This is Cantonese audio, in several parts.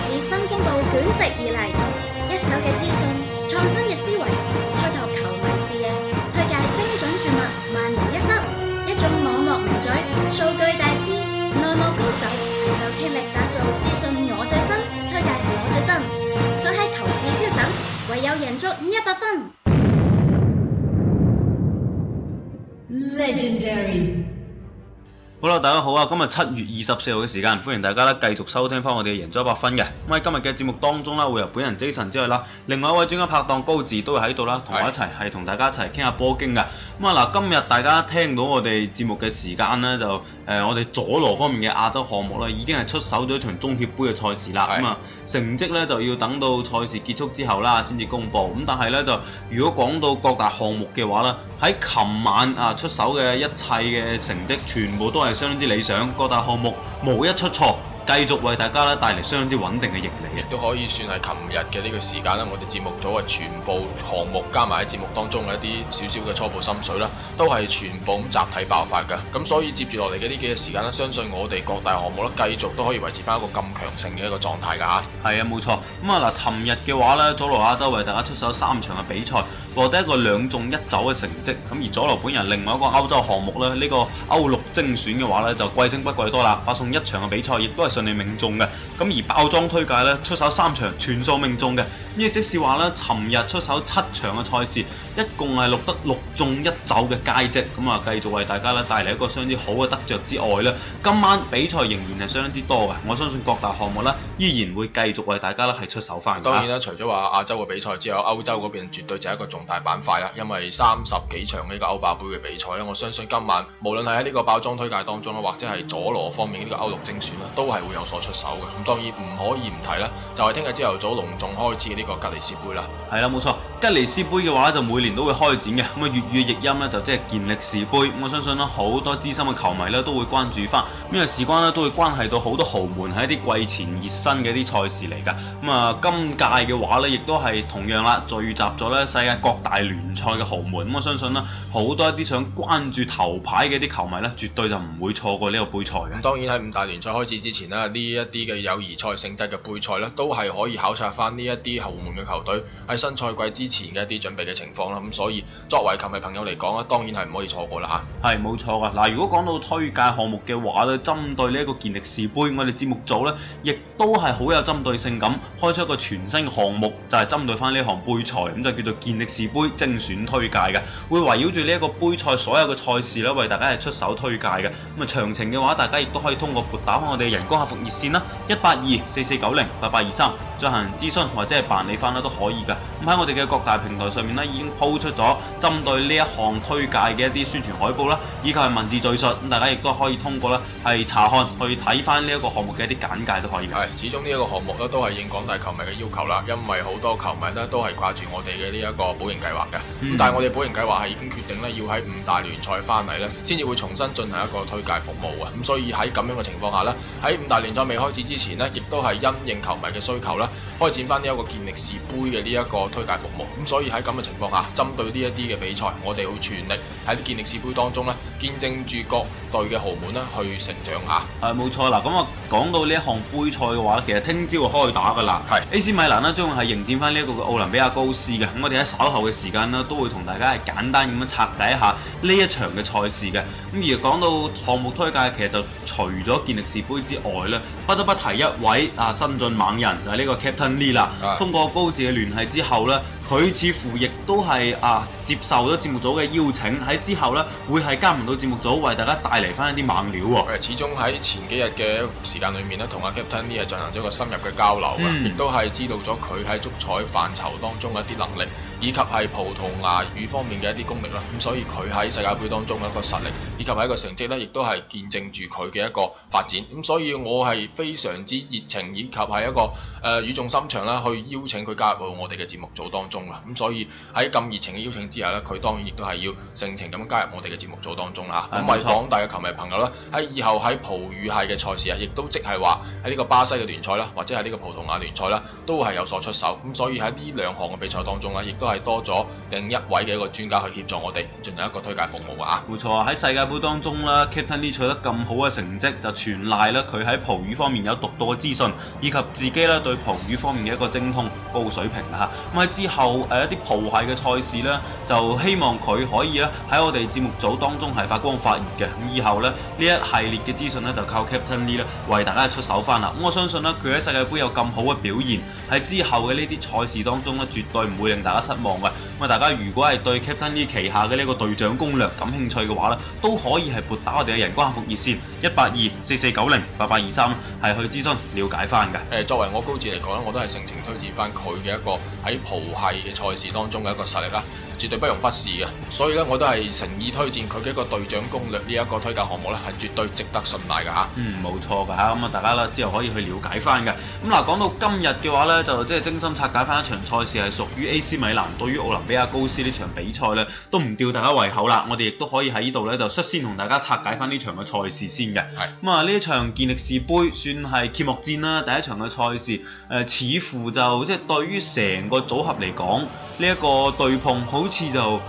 市新公布捲席而嚟，一手嘅資訊，創新嘅思維，開拓球迷視野，推介精準注物，萬無一失。一種網絡名嘴，數據大師，內幕高手，攜手傾力打造資訊我最新，推介我最新，想喺投市超神，唯有贏足一百分。Legendary。好啦，大家好啊！今日七月二十四號嘅時間，歡迎大家咧繼續收聽翻我哋嘅贏足一百分嘅。咁喺今日嘅節目當中咧，會由本人 Jason 之外啦，另外一位專家拍檔高志都會喺度啦，同我一齊係同大家一齊傾下波經嘅。咁啊嗱，今日大家聽到我哋節目嘅時間咧就。誒、呃，我哋佐羅方面嘅亞洲項目咧，已經係出手咗一場中協盃嘅賽事啦。咁啊是，成績咧就要等到賽事結束之後啦，先至公布。咁但係咧就，如果講到各大項目嘅話咧，喺琴晚啊出手嘅一切嘅成績，全部都係相當之理想，各大項目冇一出錯。繼續為大家咧帶嚟相當之穩定嘅盈利，亦都可以算係琴日嘅呢個時間咧，我哋節目組係全部項目加埋喺節目當中嘅一啲小小嘅初步心水啦，都係全部集體爆發㗎。咁所以接住落嚟嘅呢幾日時間咧，相信我哋各大項目咧繼續都可以維持翻一個咁強盛嘅一個狀態㗎嚇。係啊，冇錯。咁啊嗱，尋日嘅話呢，佐羅亞洲為大家出手三場嘅比賽，獲得一個兩中一走嘅成績。咁而佐羅本人另外一個歐洲項目呢，呢、這個歐陸。精選嘅話咧就貴精不貴多啦，發送一場嘅比賽亦都係順利命中嘅。咁而包裝推介咧出手三場全數命中嘅，呢即使話呢，尋日出手七場嘅賽事，一共係錄得六中一走嘅佳績。咁啊繼續為大家咧帶嚟一個相當之好嘅得着之外呢，今晚比賽仍然係相當之多嘅。我相信各大項目呢，依然會繼續為大家咧係出手翻嘅。當然啦，除咗話亞洲嘅比賽之外，歐洲嗰邊絕對就係一個重大板塊啦。因為三十幾場呢個歐霸杯嘅比賽咧，我相信今晚無論係喺呢個爆裝推介當中啦，或者係佐羅方面呢個歐陸精選啦，都係會有所出手嘅。咁當然唔可以唔提啦，就係聽日朝頭早隆重開始嘅呢個吉尼斯杯啦。係啦，冇錯，吉尼斯杯嘅話就每年都會開展嘅。咁啊，粵語嘅譯音咧，就即係健力士杯。咁我相信啦，好多資深嘅球迷咧，都會關注翻，因為事關咧，都會關係到好多豪門喺啲季前熱身嘅啲賽事嚟㗎。咁啊、呃，今屆嘅話咧，亦都係同樣啦，聚集咗咧世界各大聯賽嘅豪門。咁我相信啦，好多一啲想關注頭牌嘅啲球迷咧，對，就唔會錯過呢個杯賽嘅。當然喺五大聯賽開始之前呢，呢一啲嘅友誼賽性質嘅杯賽都係可以考察翻呢一啲豪門嘅球隊喺新賽季之前嘅一啲準備嘅情況啦。咁所以作為球迷朋友嚟講咧，當然係唔可以錯過啦吓。係冇錯噶。嗱，如果講到推介項目嘅話咧，針對呢一個健力士杯，我哋節目組呢亦都係好有針對性咁，開出一個全新項目，就係、是、針對翻呢項杯賽，咁就叫做健力士杯精選推介嘅，會圍繞住呢一個杯賽所有嘅賽事咧，為大家係出手推介。界嘅咁啊，詳情嘅話，大家亦都可以通過撥打翻我哋嘅人工客服熱線啦，一八二四四九零八八二三進行諮詢或者係辦理翻啦都可以嘅。咁喺我哋嘅各大平台上面咧，已經鋪出咗針對呢一項推介嘅一啲宣傳海報啦，以及係文字敘述，咁大家亦都可以通過咧係查看去睇翻呢一個項目嘅一啲簡介都可以嘅。始終呢一個項目咧都係應廣大球迷嘅要求啦，因為好多球迷咧都係掛住我哋嘅呢一個保型計劃嘅。咁、嗯、但係我哋保型計劃係已經決定咧要喺五大聯賽翻嚟咧，先至會重新進。係一個推介服務啊，咁所以喺咁樣嘅情況下呢，喺五大聯賽未開始之前呢，亦都係因應球迷嘅需求呢，開展翻呢一個健力士杯嘅呢一個推介服務。咁所以喺咁嘅情況下，針對呢一啲嘅比賽，我哋會全力喺健力士杯當中呢，見證住各隊嘅豪門呢去成長下。誒，冇錯啦，咁啊講到呢一項杯賽嘅話，其實聽朝會開打噶啦，係是 AC 米蘭咧，將會係迎戰翻呢一個嘅奧林比克高斯嘅。咁我哋喺稍後嘅時間呢，都會同大家係簡單咁樣拆解一下。呢一場嘅賽事嘅，咁而講到項目推介，其實就除咗健力士杯之外呢，不得不提一位啊新晉猛人就係、是、呢個 Captain Lee 啦。通過高智嘅聯繫之後呢，佢似乎亦都係啊。接受咗節目組嘅邀請，喺之後咧會係加入到節目組，為大家帶嚟翻一啲猛料喎、哦。始終喺前幾日嘅時間裏面咧，同阿、啊、Captain 咧進行咗一個深入嘅交流，亦都係知道咗佢喺足彩範疇當中嘅一啲能力，以及係葡萄牙語方面嘅一啲功力啦。咁、嗯、所以佢喺世界盃當中嘅一個實力，以及係一個成績呢，亦都係見證住佢嘅一個發展。咁、嗯、所以，我係非常之熱情，以及係一個誒、呃、語重心長啦，去邀請佢加入到我哋嘅節目組當中嘅。咁、嗯、所以喺咁熱情嘅邀請之，佢當然亦都係要盛情咁加入我哋嘅節目組當中啦嚇。咁為廣大嘅球迷朋友啦，喺以後喺葡語系嘅賽事啊，亦都即係話喺呢個巴西嘅聯賽啦，或者係呢個葡萄牙聯賽啦，都係有所出手。咁所以喺呢兩項嘅比賽當中咧，亦都係多咗另一位嘅一個專家去協助我哋進行一個推介服務啊。冇錯，喺世界盃當中啦 Captain Lee 取得咁好嘅成績，就全賴咧佢喺葡語方面有獨到嘅資訊，以及自己咧對葡語方面嘅一個精通高水平啊嚇。咁喺之後誒一啲葡系嘅賽事咧。就希望佢可以咧喺我哋節目組當中係發光發熱嘅，咁以後咧呢這一系列嘅資訊咧就靠 Captain Lee 咧為大家出手翻啦。咁我相信呢，佢喺世界盃有咁好嘅表現，喺之後嘅呢啲賽事當中咧絕對唔會令大家失望嘅。咁啊，大家如果係對 Captain Lee 旗下嘅呢一個隊長攻略感興趣嘅話咧，都可以係撥打我哋嘅人工服務熱線一八二四四九零八八二三係去諮詢了解翻嘅。誒，作為我高志嚟講咧，我都係盛情推薦翻佢嘅一個喺葡系嘅賽事當中嘅一個實力啦。絕對不容忽視嘅，所以咧我都係誠意推薦佢嘅一個隊長攻略呢一個推介項目咧，係絕對值得信賴嘅嚇。嗯，冇錯㗎嚇，咁啊大家咧之後可以去了解翻嘅。咁嗱，講到今日嘅話咧，就即係精心拆解翻一場賽事係屬於 AC 米蘭對於奧林比亞高斯呢場比賽咧，都唔吊大家胃口啦。我哋亦都可以喺呢度咧就率先同大家拆解翻呢場嘅賽事先嘅。係是。咁啊呢場健力士杯算係揭幕戰啦，第一場嘅賽事誒、呃，似乎就即係、就是、對於成個組合嚟講呢一、這個對碰好。次就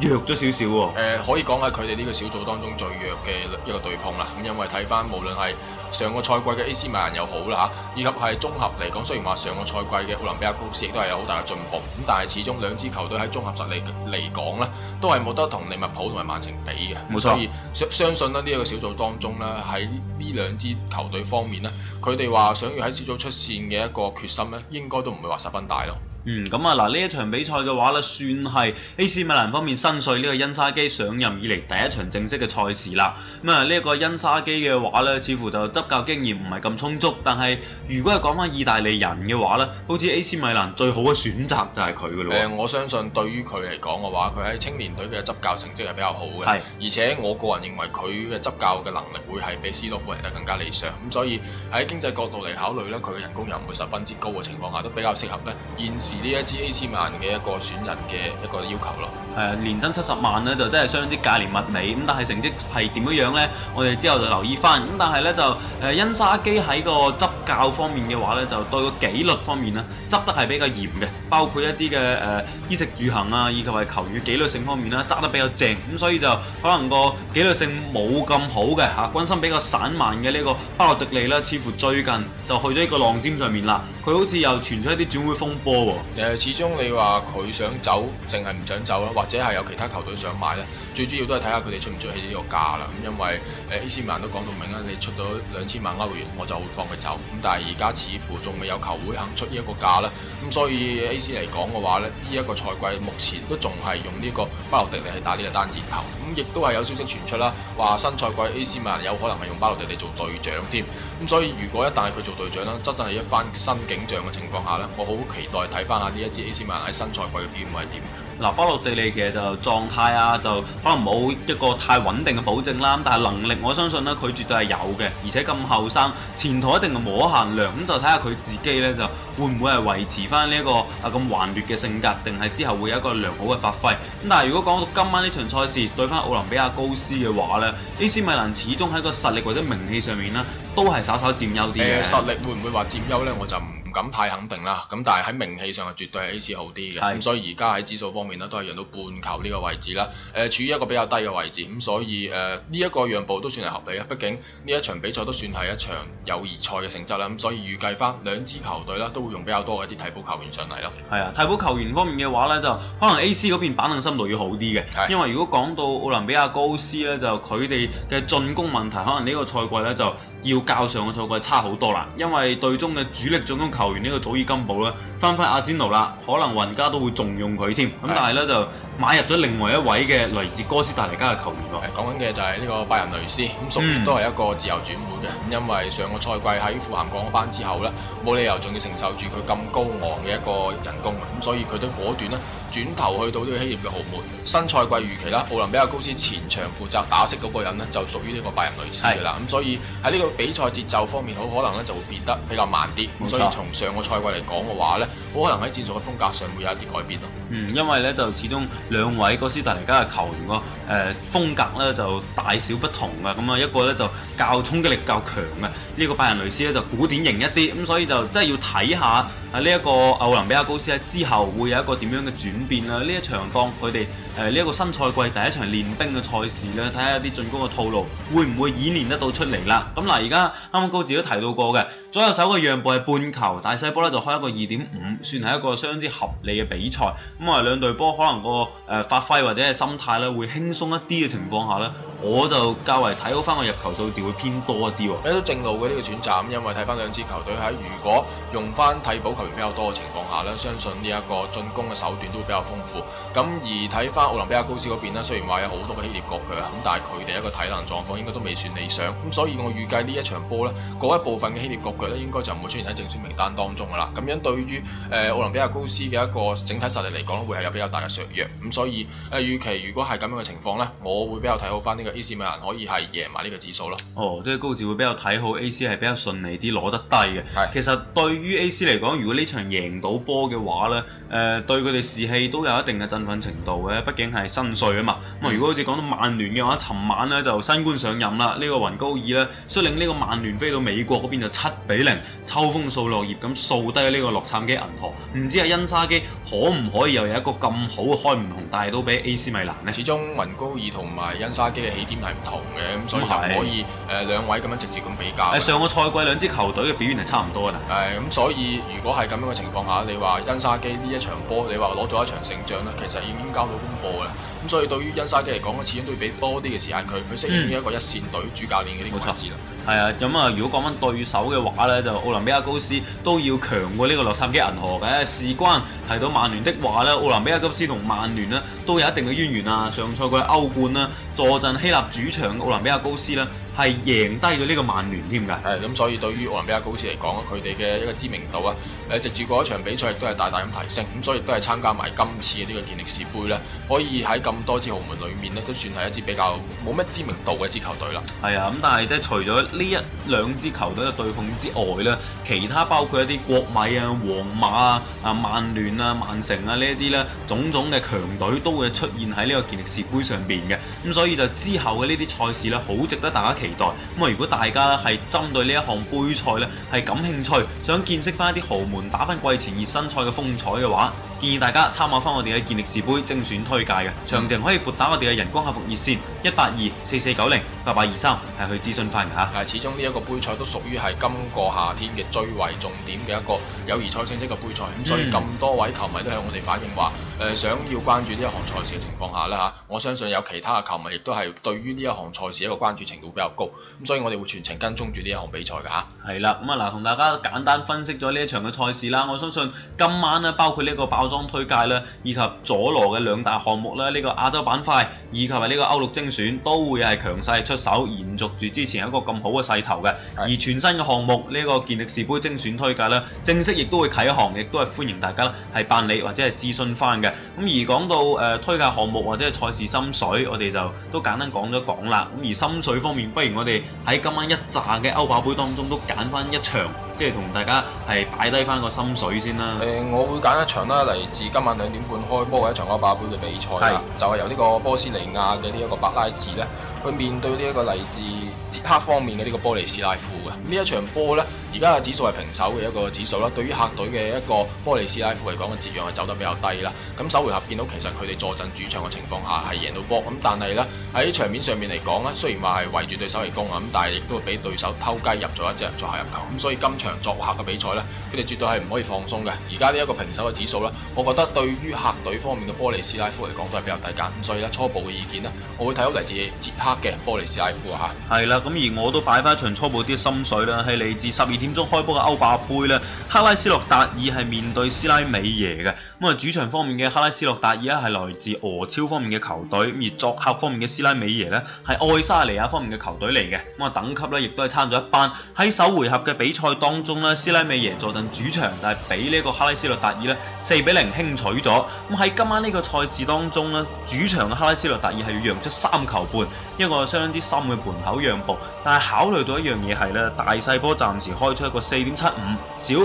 弱咗少少喎。誒，可以講係佢哋呢個小組當中最弱嘅一個對碰啦。咁因為睇翻無論係上個賽季嘅 AC 米蘭又好啦，嚇，以及係綜合嚟講，雖然話上個賽季嘅奧林比亞高斯亦都係有好大嘅進步，咁但係始終兩支球隊喺綜合實力嚟講咧，都係冇得同利物浦同埋曼城比嘅。冇錯錯。所以相相信咧，呢、這、一個小組當中咧，喺呢兩支球隊方面咧，佢哋話想要喺小組出線嘅一個決心咧，應該都唔會話十分大咯。嗯，咁啊嗱，呢一場比賽嘅話咧，算係 AC 米蘭方面新帥呢個恩沙基上任以嚟第一場正式嘅賽事啦。咁、嗯、啊，呢、這、一個恩沙基嘅話咧，似乎就執教經驗唔係咁充足，但係如果係講翻意大利人嘅話咧，好似 AC 米蘭最好嘅選擇就係佢嘅咯。我相信對於佢嚟講嘅話，佢喺青年隊嘅執教成績係比較好嘅，是而且我個人認為佢嘅執教嘅能力會係比斯多夫嚟得更加理想。咁所以喺經濟角度嚟考慮咧，佢嘅人工又唔會十分之高嘅情況下，都比較適合咧現時。呢一支 A 千萬嘅一個選人嘅一個要求咯。誒、呃、年薪七十萬咧，就真係相當之價廉物美咁。但係成績係點樣呢？我哋之後就留意翻。咁但係呢，就誒恩、呃、沙基喺個執教方面嘅話呢就對個紀律方面呢執得係比較嚴嘅，包括一啲嘅誒衣食住行啊，以及係球員紀律性方面呢，執得比較正咁，所以就可能個紀律性冇咁好嘅嚇、啊，軍心比較散漫嘅呢個巴洛迪利啦，似乎最近就去咗一個浪尖上面啦。佢好似又傳出一啲轉會風波喎、哦。始終你話佢想走，定係唔想走或者係有其他球隊想買咧，最主要都係睇下佢哋出唔出起呢個價啦。因為誒 AC Milan 都講到明啦，你出到兩千萬歐元，我就會放佢走。咁但係而家似乎仲未有球會肯出呢一個價啦。咁所以 AC 嚟講嘅話咧，呢一個賽季目前都仲係用呢個巴洛迪尼去打呢個單箭頭。咁亦都係有消息傳出啦，話新賽季 AC Milan 有可能係用巴洛迪尼做隊長添。咁所以如果一旦係佢做隊長啦，真正係一番新景象嘅情況下咧，我好期待睇翻下呢一支 AC Milan 喺新賽季嘅表現係點。嗱，波洛地利其實就狀態啊，就可能冇一個太穩定嘅保證啦。但係能力，我相信呢，佢絕對係有嘅，而且咁後生，前途一定係無可限量。咁就睇下佢自己呢，就會唔會係維持翻呢一個啊咁頑劣嘅性格，定係之後會有一個良好嘅發揮。咁但係如果講到今晚呢場賽事對翻奧林比亞高斯嘅話呢，伊斯米蘭始終喺個實力或者名氣上面呢，都係稍稍佔優啲嘅。實力會唔會話佔優呢？我就唔～咁太肯定啦，咁但係喺名氣上啊，絕對係 A.C. 好啲嘅，咁所以而家喺指數方面咧，都係讓到半球呢個位置啦，誒、呃、處於一個比較低嘅位置，咁、嗯、所以誒呢一個讓步都算係合理啊，畢竟呢一場比賽都算係一場友誼賽嘅性質啦，咁、嗯、所以預計翻兩支球隊啦都會用比較多嘅啲替補球員上嚟咯，係啊，替補球員方面嘅話咧，就可能 A.C. 嗰邊板凳深度要好啲嘅，啊、因為如果講到奧林比亞高斯咧，就佢哋嘅進攻問題可能呢個賽季咧就要較上個賽季差好多啦，因為隊中嘅主力進攻球員球員呢個土耳其金寶啦，返返阿仙奴啦，可能雲加都會重用佢添。咁是的 但係咧就買入咗另外一位嘅嚟自哥斯達黎加嘅球員喎。講緊嘅就係呢個拜仁雷斯，咁屬於都係一個自由轉會嘅。咁、嗯、因為上個賽季喺富咸降班之後咧，冇理由仲要承受住佢咁高昂嘅一個人工，咁所以佢都果斷呢，轉頭去到呢個希臘嘅豪門。新賽季預期啦，奧林比亞高斯前場負責打識嗰個人呢，就屬於呢個拜仁雷斯噶啦。咁是的 所以喺呢個比賽節奏方面，好可能咧就會變得比較慢啲。沒錯 所以從上個賽季嚟講嘅話呢，好可能喺戰術嘅風格上會有一啲改變咯。嗯，因為呢，就始終兩位哥斯達黎加嘅球員咯，誒、呃、風格呢，就大小不同嘅。咁啊，一個呢，就較衝擊力較強嘅，呢、這個拜仁雷斯呢，就古典型一啲，咁所以就真係要睇下。啊！呢一個奧林比亞高斯咧之後會有一個點樣嘅轉變啦？呢一場當佢哋誒呢一個新賽季第一場練兵嘅賽事咧，睇下啲進攻嘅套路會唔會演練得到出嚟啦？咁嗱，而家啱啱高智都提到過嘅，左右手嘅讓步係半球，大細波咧就開一個二點五，算係一個相之合理嘅比賽。咁啊，兩隊波可能個誒發揮或者係心態咧會輕鬆一啲嘅情況下咧，我就較為睇好翻個入球數字會偏多一啲喎。喺到正路嘅呢個選擇，因為睇翻兩支球隊喺如果用翻替補球員比較多嘅情況下咧，相信呢一個進攻嘅手段都比較豐富。咁而睇翻奧林比亞高斯嗰邊咧，雖然話有好多嘅希臘國腳，咁但係佢哋一個體能狀況應該都未算理想。咁所以我預計呢一場波呢嗰一部分嘅希臘國腳咧，應該就唔會出現喺正選名單當中噶啦。咁樣對於誒、呃、奧林比亞高斯嘅一個整體實力嚟講，會係有比較大嘅削弱。咁所以誒預期，如果係咁樣嘅情況呢，我會比較睇好翻呢個 AC 米蘭可以係贏埋呢個指數咯。哦，即係高治會比較睇好 AC 係比較順利啲攞得低嘅。係的，其實對於 AC 嚟講，如果如果呢場贏到波嘅話呢，誒、呃、對佢哋士氣都有一定嘅振奮程度嘅，畢竟係新帥啊嘛。咁、嗯、如果好似講到曼聯嘅話，尋晚呢就新官上任啦，呢、呢個雲高爾呢，率領呢個曼聯飛到美國嗰邊就七比零，秋風掃落葉咁掃低呢個洛杉磯銀河。唔知阿恩沙基可唔可以又有一個咁好嘅開門紅，但係都俾 AC 米蘭呢。始終雲高爾同埋恩沙基嘅起點係唔同嘅，咁所以唔可以誒的兩位咁樣直接咁比較的。上個賽季兩支球隊嘅表現係差唔多啦。係咁、嗯嗯，所以如果係咁樣嘅情況下，你話恩沙基呢一場波，你話攞到一場勝仗，其實已經交到功課㗎喇。咁所以對於恩沙基嚟講咧，始終都要俾多啲嘅時間佢，佢適應一個一線隊主教練嘅呢個位置。啦、嗯。係啊，咁啊，如果講翻對手嘅話咧，就奧林比亞高斯都要強過呢個洛杉磯銀河嘅，事關。提到曼聯的話咧，奧林比亞高斯同曼聯咧都有一定嘅淵源啊！上賽季歐冠咧，坐鎮希臘主場嘅奧林比亞高斯咧，係贏低咗呢個曼聯添㗎。誒咁，所以對於奧林比亞高斯嚟講，佢哋嘅一個知名度啊，誒直住嗰一場比賽亦都係大大咁提升。咁所以都係參加埋今次嘅呢個健力士杯咧，可以喺咁多支豪門裏面咧，都算係一支比較冇乜知名度嘅支球隊啦。係啊，咁但係即係除咗呢一兩支球隊嘅對碰之外咧，其他包括一啲國米啊、皇馬啊、啊曼聯。啊，曼城啊，這些呢一啲呢種種嘅強隊都會出現喺呢個健力士杯上邊嘅，咁所以就之後嘅呢啲賽事呢，好值得大家期待。咁啊，如果大家係針對呢一項杯賽呢，係感興趣，想見識翻一啲豪門打翻季前熱身賽嘅風采嘅話，建議大家參考翻我哋嘅健力士杯精選推介嘅，詳情可以撥打我哋嘅人工客服熱線一八二四四九零八八二三係去諮詢翻嚇，但始終呢一個杯賽都屬於係今個夏天嘅最為重點嘅一個友誼賽形式嘅杯賽，咁所以咁多位球迷都向我哋反映話。誒，想要關注呢一項賽事嘅情況下咧，吓，我相信有其他嘅球迷亦都係對於呢一項賽事一個關注程度比較高，咁所以我哋會全程跟蹤住呢一項比賽噶吓。係啦，咁啊，嗱，同大家簡單分析咗呢一場嘅賽事啦，我相信今晚咧，包括呢個爆裝推介啦，以及佐羅嘅兩大項目啦，呢個亞洲板塊以及係呢個歐陸精選都會係強勢出手，延續住之前一個咁好嘅勢頭嘅。的而全新嘅項目呢個健力士杯精選推介咧，正式亦都會啟航，亦都係歡迎大家係辦理或者係諮詢翻嘅。咁而講到誒推介項目或者係賽事心水，我哋就都簡單講咗講啦。咁而心水方面，不如我哋喺今晚一紮嘅歐霸杯當中，都揀翻一場，即係同大家係擺低翻個心水先啦。誒、呃，我會揀一場啦，嚟自今晚兩點半開波嘅一場歐霸杯嘅比賽啦，啊、就係由呢個波斯尼亞嘅呢一個白拉治咧，去面對呢一個嚟自捷克方面嘅呢個波利斯拉夫嘅呢一場波咧。而家嘅指數係平手嘅一個指數啦，對於客隊嘅一個波利斯拉夫嚟講嘅節量係走得比較低啦。咁首回合見到其實佢哋坐鎮主場嘅情況下係贏到波，咁但係呢。喺場面上面嚟講咧，雖然話係圍住對手嚟攻啊，咁但係亦都會俾對手偷雞入咗一隻，再入球。咁所以今場作客嘅比賽咧，佢哋絕對係唔可以放鬆嘅。而家呢一個平手嘅指數咧，我覺得對於客隊方面嘅波利斯拉夫嚟講都係比較抵揀。咁所以咧，初步嘅意見呢，我會睇到嚟自捷克嘅波利斯拉夫啊嚇。係啦，咁而我都擺翻場初步啲心水啦，係嚟自十二點鐘開波嘅歐霸杯咧，克拉斯洛達爾係面對斯拉美爺嘅。咁啊主場方面嘅克拉斯洛達爾啊係來自俄超方面嘅球隊，而作客方面嘅斯拉斯拉美耶咧係愛沙尼亞方面嘅球隊嚟嘅，咁啊等級咧亦都係差咗一班。喺首回合嘅比賽當中咧，斯拉美耶坐鎮主場，但係俾呢個哈拉斯洛達爾咧四比零輕取咗。咁喺今晚呢個賽事當中咧，主場嘅哈拉斯洛達爾係要讓出三球半，一個相當之深嘅盤口讓步。但係考慮到一樣嘢係咧，大細波暫時開出一個四點七五，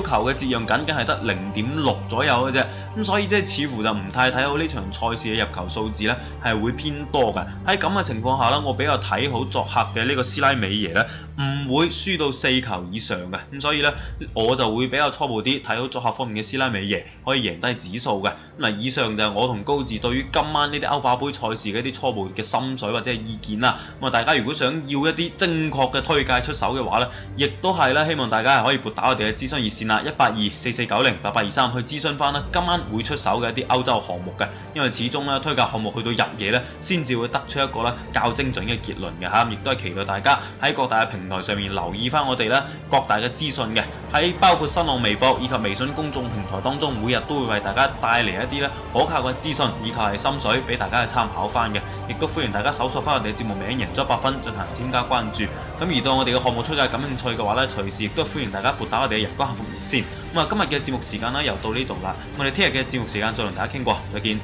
小球嘅折讓僅僅係得零點六左右嘅啫。咁所以即係似乎就唔太睇好呢場賽事嘅入球數字咧，係會偏多嘅。喺咁嘅情況下咧，我比較睇好作客嘅呢個斯拉美耶咧，唔會輸到四球以上嘅，咁所以咧我就會比較初步啲睇好作客方面嘅斯拉美耶可以贏低指數嘅。嗱，以上就係我同高智對於今晚呢啲歐霸杯賽事嘅一啲初步嘅心水或者意見啦。咁啊，大家如果想要一啲精確嘅推介出手嘅話咧，亦都係咧，希望大家係可以撥打我哋嘅諮詢熱線啦，一八二四四九零八八二三去諮詢翻啦，今晚會出手嘅一啲歐洲項目嘅，因為始終咧推介項目去到入夜咧，先至會得出一個較精準嘅結論嘅吓，亦都係期待大家喺各大嘅平台上面留意翻我哋咧各大嘅資訊嘅，喺包括新浪微博以及微信公眾平台當中，每日都會為大家帶嚟一啲咧可靠嘅資訊，以及係心水俾大家去參考翻嘅，亦都歡迎大家蒐索翻我哋嘅節目名《贏足 100FUN》進行添加關注。咁而對我哋嘅項目推介感興趣嘅話咧，隨時亦都歡迎大家撥打我哋嘅陽光客服熱線。咁啊，今日嘅節目時間咧又到呢度啦，我哋聽日嘅節目時間再同大家傾過，再見。